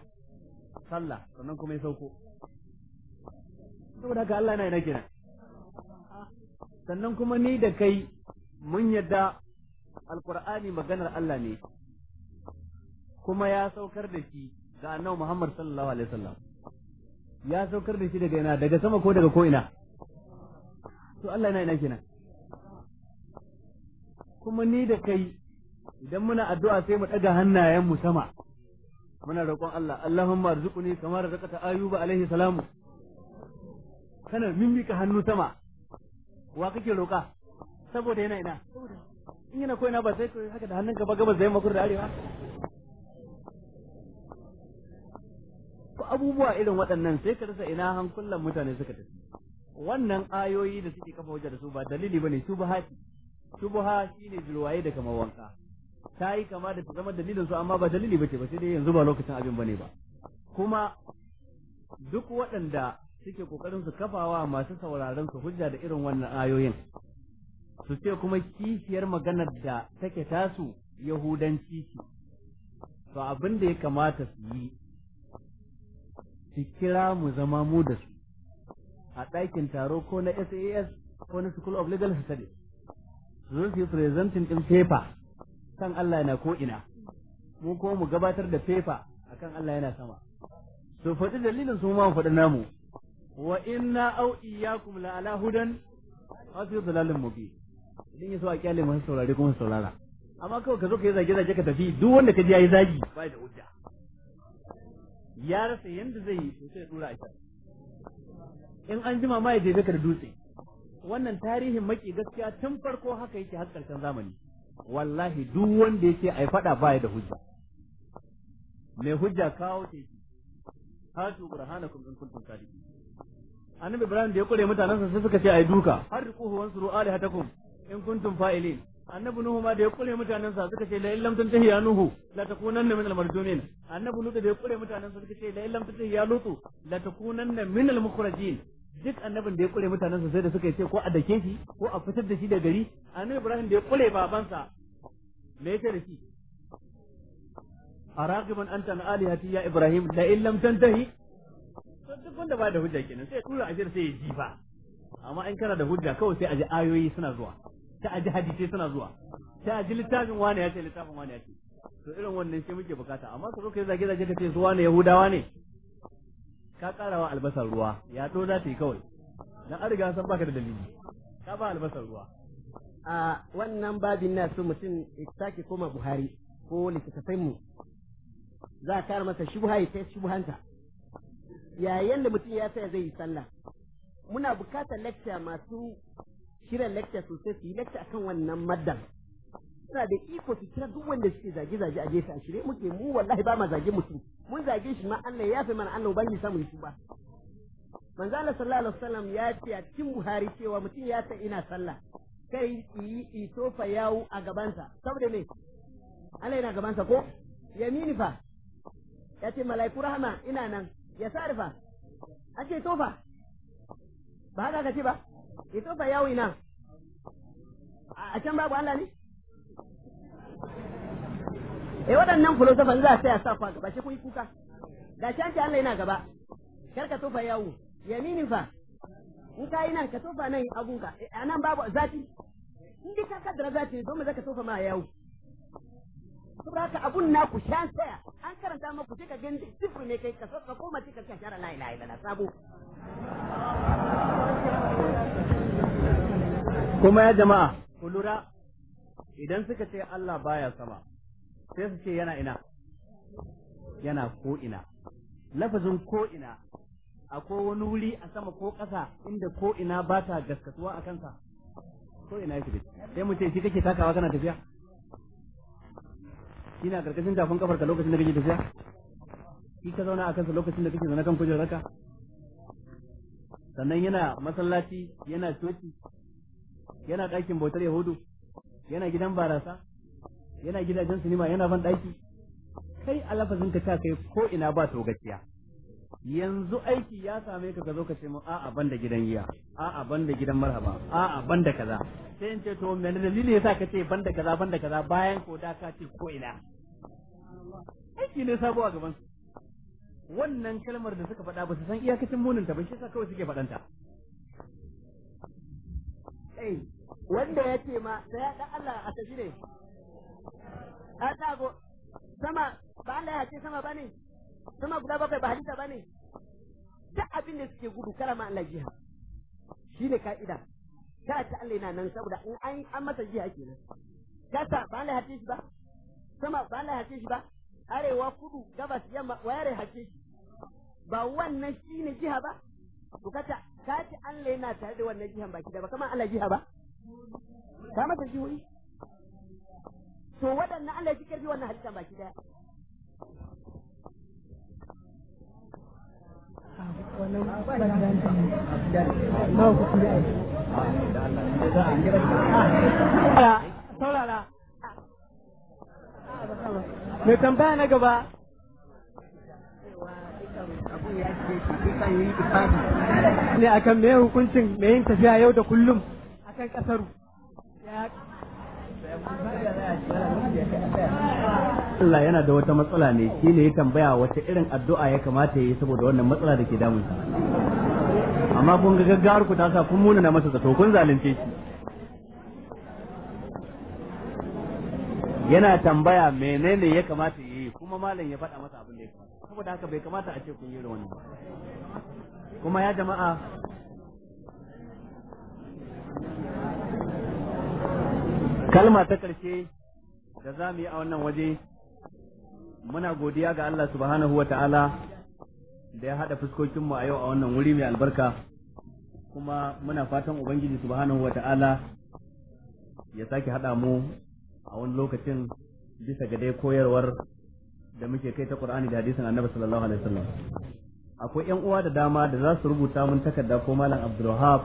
sallah sannan kuma ya sauko saboda haka Allah yana yana kenan sannan kuma ni da kai mun yadda alqur'ani maganar Allah ne kuma ya saukar da shi ga annabi Muhammad sallallahu alaihi wasallam ya saukar da shi daga ina daga sama ko daga ko ina to Allah yana ina kenan kuma ni da kai idan muna addu'a sai mu daga hannayen mu sama muna roƙon Allah Allahumma arzuqni kamar razaqata ayyuba alaihi salamu kana mimmika hannu sama wa kake roƙa saboda yana ina in yana koyana ba sai haka da hannunka ba gaba zai makur da arewa ko abubuwa irin waɗannan sai ka rasa ina hankulan mutane suka tafi wannan ayoyi da suke kafa wajen da su ba dalili bane shubahati shubaha ne jirwaye da kamar wanka ta yi kama da ta zama dalilin su amma ba dalili bace ba sai dai yanzu ba lokacin abin bane ba kuma duk waɗanda suke kokarin su kafawa masu sauraron su hujja da irin wannan ayoyin su ce kuma kishiyar maganar da take tasu yahudanci ce to abin da ya kamata su yi su kira mu zama mu da su a ɗakin taro ko na SAS ko na School of Legal Studies su zo su presenting ɗin paper kan Allah yana ko ina mu ko mu gabatar da paper akan Allah yana sama su faɗi dalilin su ma faɗi namu wa inna au iyyakum la ala hudan wa fi dhalalin mubin idan ya so a kyale masu saurare kuma su saurara amma kawai ka zo ka yi zage zage ka tafi duk wanda ka ji yayi zagi ba da hujja ya rasa yanda zai yi to sai ya dura a in an jima ma ya je ka da dutse wannan tarihin maki gaskiya tun farko haka yake har karshen zamani wallahi duk wanda yake ai fada baya da hujja mai hujja kawo ce hatu burhanakum in kuntum sadiqin annabi ibrahim da ya kure sa sai suka ce ai duka har ku huwan suru alihatakum in kuntum fa'ilin annabi nuhu ma da ya kure mutanen sa suka ce la illam tantahi ya nuhu la takunanna min al marjumin annabi nuhu da ya kure mutanen sa suka ce la illam tantahi ya lutu la takunanna min al mukhrajin duk annabin da ya kure mutanen sa sai da suka ce ko a dake shi ko a fitar da shi da gari annabi ibrahim da ya kure babansa me yake da shi araqiban anta an alihati ya ibrahim la illam tantahi duk wanda ba da hujja kenan sai tura ajir sai ya ji ba amma in kana da hujja kawai sai a ji ayoyi suna zuwa ta aji hadisi suna zuwa ta aji littafin wani ya ce littafin wani ya ce to irin wannan shi muke bukata amma su kai zage zage ce su wani yahudawa ne ka karawa albasar ruwa ya to za ta yi kawai na an riga san baka da dalili ka ba albasar ruwa a wannan babin na su mutum ya sake koma buhari ko littattafai mu za a kara masa shubha ya sai shubhanta yayin da mutum ya saya zai yi sallah muna bukatar lecture masu kiran lecture sosai su yi lecture akan wannan maddan suna da iko su kira duk wanda suke zage zage a jefa a shirye muke mu wallahi ba ma zage mutum mun zage shi ma Allah ya fi mana Allah ban yi samun shi ba manzo Allah sallallahu alaihi wasallam ya ce a cikin Buhari cewa mutum ya san ina sallah kai yi itofa yawo a gabansa saboda me Allah yana gabansa ko yamini fa ya ce mala'iku rahama ina nan ya sarfa ake tofa ba haka ka ce ba ito ba yawi nan a can babu Allah ne E waɗannan filosofan za a a sa kwa gaba shi kun kuka ga can ce Allah yana gaba kar ka tofa yawo yamini fa in ka yi nan ka tofa nan abunka eh, a nan babu zafi in dai ka kaddara zafi zo za ka tofa ma yawo saboda haka abun na ku shan tsaya an karanta maku sai ka gani sifir ne kai ka koma sai ka shara la ilaha illallah sabo kuma ya jama'a ku lura idan suka ce Allah baya sama sai su ce yana ina yana ko ina lafazin ko ina akwai wani wuri a sama ko ƙasa inda ko ina ba ta gaskatuwa a kansa ko ina yake da sai mu ce shi kake takawa kana tafiya kina karkashin tafin kafarka lokacin da kake tafiya shi ka zauna a kansa lokacin da kake zaune kan kujerarka sannan yana masallaci yana coci yana ɗakin bautar yahudu yana gidan barasa yana gidajen sinima yana ban ɗaki kai a lafazin ka kai ko ina ba to gaskiya yanzu aiki ya same ka ka zo ka ce mu a'a banda gidan yiya a'a banda gidan marhaba a'a banda kaza sai in ce to me dalili yasa ka ce banda kaza banda kaza bayan ko da ka ce ko ina aiki ne sabo a gaban su wannan kalmar da suka faɗa ba su san iyakacin munin ba shi yasa kawai suke faɗanta Eh, wanda ya ce ma sai ya dan Allah a tashi ne ta go sama ba Allah ya ce sama bane sama guda bakwai ba hadisa bane duk abin da suke gudu kara ma Allah jiha shine ka'ida ta ta Allah yana nan saboda in an an masa jiha kenan kasa ba Allah ya ce shi ba sama ba Allah ya ce shi ba arewa kudu gabas yamma wayare hace shi ba wannan shine jiha ba to kace ka ce Allah yana tare da wannan jihan baki da ba kamar Allah jiha ba ka mata jihohi to waɗannan Allah ya karfi wannan halittar baki daya saurara mai tambaya na gaba ne akan me hukuncin mai yin tafiya yau da kullum kan kasaru Allah yana da wata matsala ne shi ne ya tambaya wata irin addu'a ya kamata ya yi saboda wannan matsala da ke damun amma kun ga gaggawar ku ta sa kun muna na masa zato kun zalunce shi yana tambaya menene ya kamata kuma malam ya faɗa masa abin da ya kamata saboda haka bai kamata a ce kun yi ba kuma ya jama'a kalma ta ƙarshe da za mu yi a wannan waje muna godiya ga Allah subhanahu wa ta'ala da ya haɗa fuskokinmu a yau a wannan wuri mai albarka kuma muna fatan Ubangiji subhanahu wa ta'ala ya sake haɗa mu a wani lokacin bisa ga dai koyarwar da muke kai ta Qur'ani da hadisin Annabi sallallahu alaihi wasallam akwai ƴan uwa da dama da za su rubuta mun takarda ko malam Abdulwahab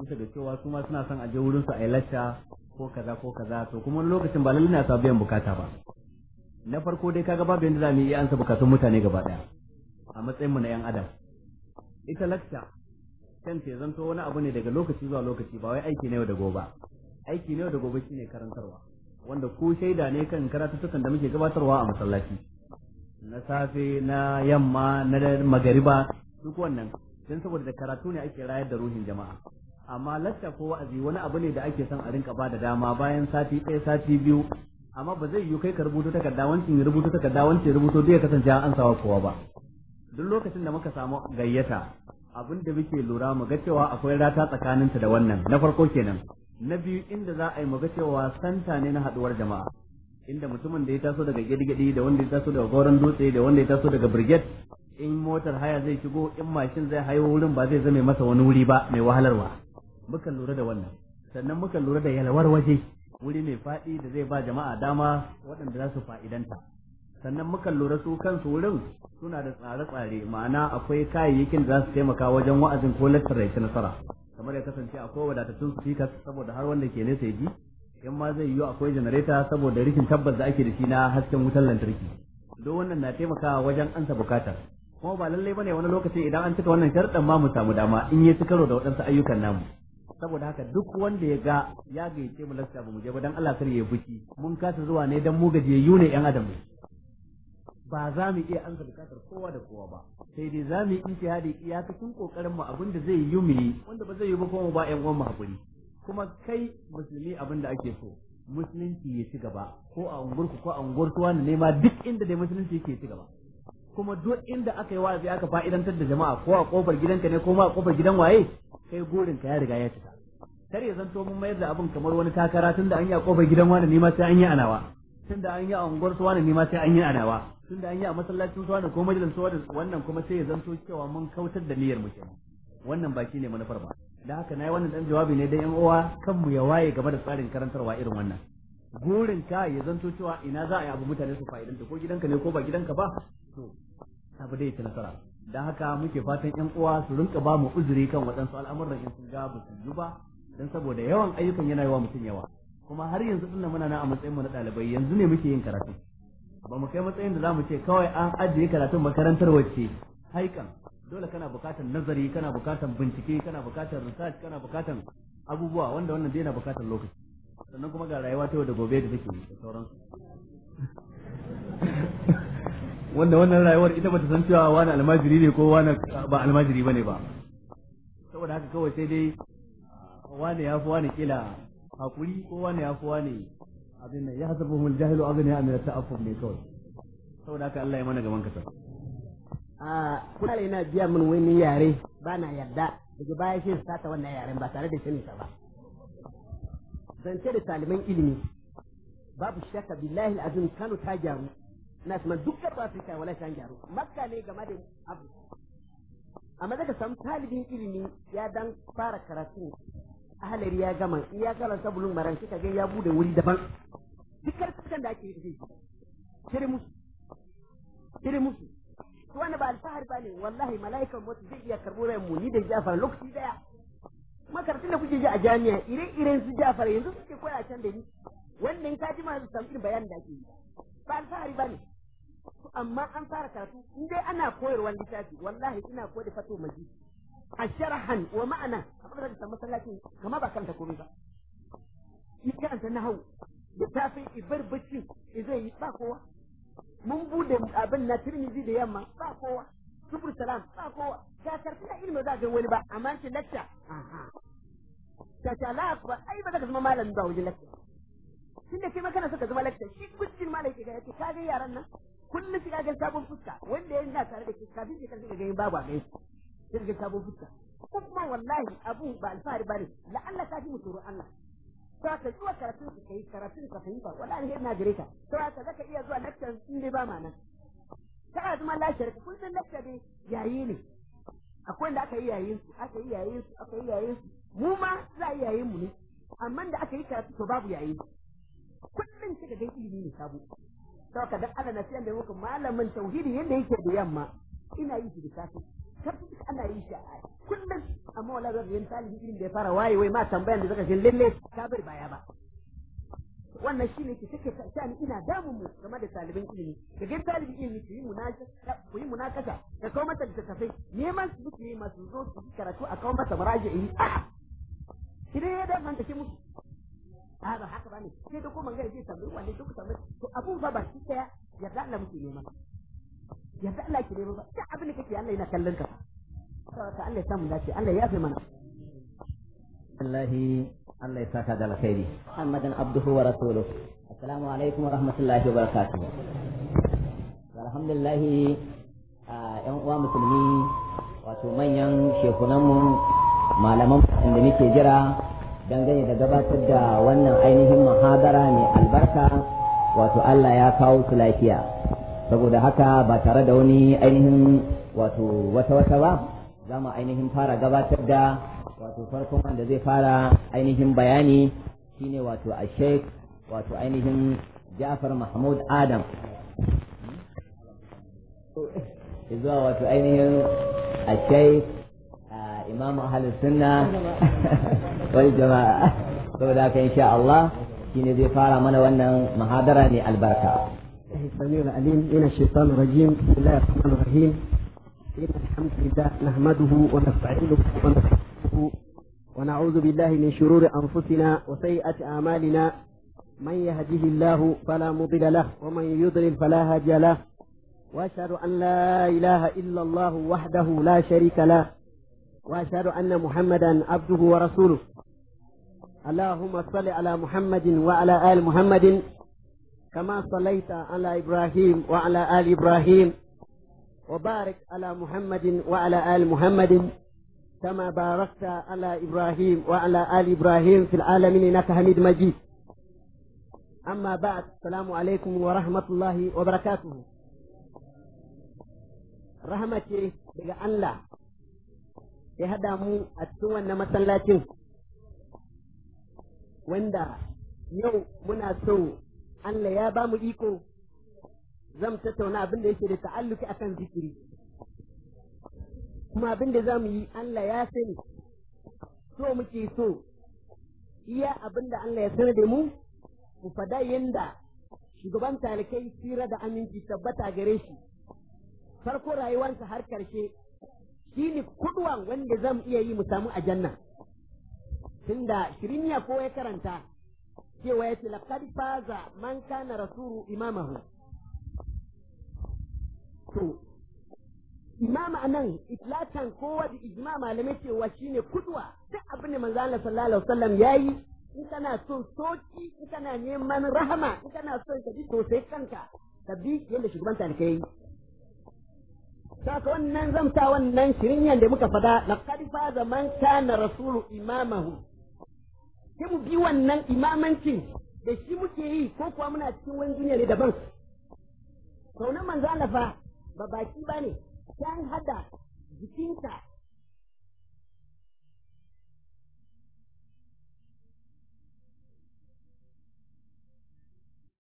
bisa ga cewa su ma suna son a je wurin su a lacca ko kaza ko kaza to kuma wani lokacin ba lalle na sa biyan bukata ba na farko dai kaga babu yanda zamu yi ansa bukatun mutane gaba daya a matsayin mu na yan adam ita lacca kan ce zanto wani abu ne daga lokaci zuwa lokaci ba wai aiki ne yau da gobe aiki ne yau da gobe shine karantarwa wanda ko shaida ne kan karatuttukan da muke gabatarwa a masallaci na safe na yamma na magariba duk wannan don saboda da karatu ne ake rayar da ruhin jama'a amma lacca ko wa'azi wani abu ne da ake son a rinka bada dama bayan sati ɗaya sati biyu amma ba zai yiwu kai ka rubuto takarda wancin ya rubuto takarda wancin rubuto duk ya kasance an sawa kowa ba duk lokacin da muka samu gayyata abin da muke lura mu ga cewa akwai rata tsakaninta da wannan na farko kenan na biyu inda za a yi maga cewa santa ne na haduwar jama'a inda mutumin da ya taso daga gidigidi da wanda ya taso daga goron dutse da wanda ya taso daga brigade in motar haya zai shigo in mashin zai hayo wurin ba zai zame masa wani wuri ba mai wahalarwa muka lura da wannan sannan muka lura da yalwar waje wuri mai faɗi da zai ba jama'a dama waɗanda za su fa'idanta sannan muka lura su kansu wurin suna da tsare-tsare ma'ana akwai kayayyakin da za su taimaka wajen wa'azin ko lattar nasara kamar ya kasance akwai wadatattun speakers saboda har wanda ke nesa ji in ma zai yiwu akwai janareta saboda rikin tabbas da ake da shi na hasken wutar lantarki duk wannan na taimakawa wajen ansa bukata kuma ba lallai bane wani lokaci idan an cika wannan sharɗin ma mu samu dama in yi cikaro karo da waɗansu ayyukan namu saboda haka duk wanda ya ga ya gayyace mu lasta ba mu je ba dan Allah sarye ya buki mun kasa zuwa ne dan mu gajiyayyu ne yan adam ba za mu iya ansa bukatar kowa da kowa ba sai dai za mu yi ijtihadi iyakacin kokarin mu abin da zai yi mu wanda ba zai yi ba kuma ba ƴan uwan mu hakuri kuma kai musulmi abin da ake so musulunci ya ci gaba ko a ungurku ko a ungurtuwa ne ma duk inda dai musulunci yake ci gaba kuma duk inda aka yi wa'azi aka fa'idantar da jama'a ko a kofar gidanka ne ko ma a kofar gidan waye kai gurin ka ya riga ya cika kar ya zanto mun mayar da abin kamar wani takara tunda an yi a kofar gidan wani ne ma sai an yi anawa tunda an yi a ungurtuwa ne ma sai an yi anawa tun da an yi a masallacin suwa da ko majalisar da wannan kuma sai ya zanto cewa mun kautar da niyyar mu kenan wannan ba shine manufar ba da haka nayi wannan dan jawabi ne dan yan uwa kan mu ya waye game da tsarin karantarwa irin wannan gurin ka ya zanto cewa ina za a yi abu mutane su fa'idanta ko gidanka ne ko ba gidanka ba to abu dai ta nasara da haka muke fatan yan uwa su rinka ba mu uzuri kan waɗansu al'amuran in sun ga ba su yi ba dan saboda yawan ayyukan yana yawa mutum yawa kuma har yanzu din muna nan a matsayin mu na ɗalibai yanzu ne muke yin karatu ba mu kai matsayin da zamu ce kawai an ajiye karatun makarantar wacce haikan dole kana bukatar nazari kana bukatar bincike kana bukatar research kana bukatar abubuwa wanda wannan dai na bukatar lokaci sannan kuma ga rayuwa ta yau da gobe da take da sauransu wanda wannan rayuwar ita bata san cewa wani almajiri ne ko wani ba almajiri bane ba saboda haka kawai sai dai wani ya fi wani kila hakuri ko wani ya fi wani abin nan ya hasabuhum jahilu aghniya ya amina taaffuf ne kawai saboda haka Allah ya mana gaban kasa a kuna da yana biya min wani yare ba na yarda daga baya shi sa ta wannan yaren ba tare da shi ne sani ba zance da taliban ilimi babu shakka billahi alazim kanu ta gyaru na kuma dukkan ba su kai wala san jaru makka ne game da abu amma daga samu talibin ilimi ya dan fara karatu ahalar ya gama ya karanta bulun maran kika ga ya bude wuri daban duk karfin da ake yi shiri musu shiri musu to ba alfahari ba ne wallahi mala'ikan mutu zai iya karbo ran mu ni da Jafar lokaci daya makarantun da kuke ji a jami'a ire-iren su Jafar yanzu suke koya can da ni wannan ka ji masu su bayan da ake yi ba alfahari ba ne amma an fara karatu in dai ana koyarwa littafi wallahi ina koyar da fato majiki a sharhan wa ma'ana a kuma da masallaci kama ba kanta komai ba yi karanta na hau da tafi ibar bacci zai yi ba kowa mun bude abin na tirmizi da yamma ba kowa subur salam ba kowa ga karfi na ilimi za ga wani ba amma shi lacca ta ta la akbar ai ba za ka zama malami ba wajen lacca tun da ke ma kana so ka zama lacca shi gudun malam ke ga yake ka ga yaran nan kullum shi ga sabon fuska wanda yana tare da shi kafin shi kan ga babu a gaisu sai ga sabon fuska kuma wallahi abu ba alfahari bane la Allah ka ji muturun Allah to ka zuwa karatun ka yi karatun ka fahimta wallahi ina gare ka to ka zaka iya zuwa lecture in dai ba mana ta zama lafiyar ka kullun lecture dai yayi ne akwai da aka yi yayin su aka yi yayin su aka yi yayin su mu ma za yi yayin mu ne amma da aka yi karatu to babu yayi kullun shi ga ilimi ne sabo to ka dan ana nasiyan da muku malamin tauhidi yanda yake da yamma ina yi shi da safe tabbata ana yi shi a kullum amma wala da yin talibi irin da ya fara waye wai ma tambayan da zaka ce lalle ka bar baya ba wannan shine ke take shani ina damun mu game da talibin ilimi da ga talibin ilimi ku yi munakasa ku yi munakasa ka kawo mata littattafai neman su ku masu zo su karatu a kawo mata muraji'i a ah! shi dai ya danganta shi musu a ah, ba haka ba ne sai da ko mangare zai tambayi wanda duk tambayi to abun ba ba shi ya yarda Allah muke neman yadda Allah ki nemi ba duk abin da kake Allah yana kallon ka saboda Allah ya samu dace Allah ya fi mana Allah Allah ya saka da alkhairi Muhammadan abduhu wa rasuluhu assalamu alaikum wa rahmatullahi wa barakatuh alhamdulillah ah, yan uwa musulmi wato manyan shekunanmu malaman da muke jira dangane da gabatar da wannan ainihin muhadara mai albarka wato Allah ya kawo su lafiya saboda haka ba tare da wani ainihin wato wata wata ba za mu ainihin fara gabatar da wato farkon wanda zai fara ainihin bayani shine wato a sheikh wato ainihin jafar mahmud adam zuwa wato ainihin a imam sunna wal jama'a saboda haka insha Allah shine zai fara mana wannan mahadara ne albarka الله السميع العليم من الشيطان الرجيم بسم الله الرحمن الرحيم إن الحمد لله نحمده ونستعينه ونستغفره ونعوذ بالله من شرور أنفسنا وسيئة أعمالنا من يهده الله فلا مضل له ومن يضلل فلا هادي له وأشهد أن لا إله إلا الله وحده لا شريك له وأشهد أن محمدا عبده ورسوله اللهم صل على محمد وعلى آل محمد كما صليت على إبراهيم وعلى آل إبراهيم وبارك على محمد وعلى آل محمد كما باركت على إبراهيم وعلى آل إبراهيم في العالمين إنك حميد مجيد أما بعد السلام عليكم ورحمة الله وبركاته رحمة daga Allah ya haɗa أتوى a cikin wannan masallacin wanda yau Allah ya ba mu iko zan tattauna abin da yake da ta'alluki akan zikiri kuma abin da za mu yi Allah ya sani so muke so iya abin da Allah ya sanar da mu mu fada yanda shugaban talikai tsira da aminci tabbata gare shi farko rayuwarsa har karshe shi ne kuduwan wanda zan iya yi mu samu a janna tunda shirin ya ko ya karanta cewa yace laqad faza man kana rasulu imamahu to imama anan itlatan kowa da ijma malamai cewa shine kudwa duk abin da manzo Allah sallallahu alaihi wasallam yayi in kana son soki in kana neman rahama in kana son ka to sosai kanka ka bi yadda shugaban talikai saka wannan zamta wannan shirin da muka fada laqad faza man kana rasulu imamahu sai mu bi wannan imamancin da shi muke yi ko kuwa muna cikin wani duniya ne daban kaunar manzo Allah fa ba baki bane can hada jikinta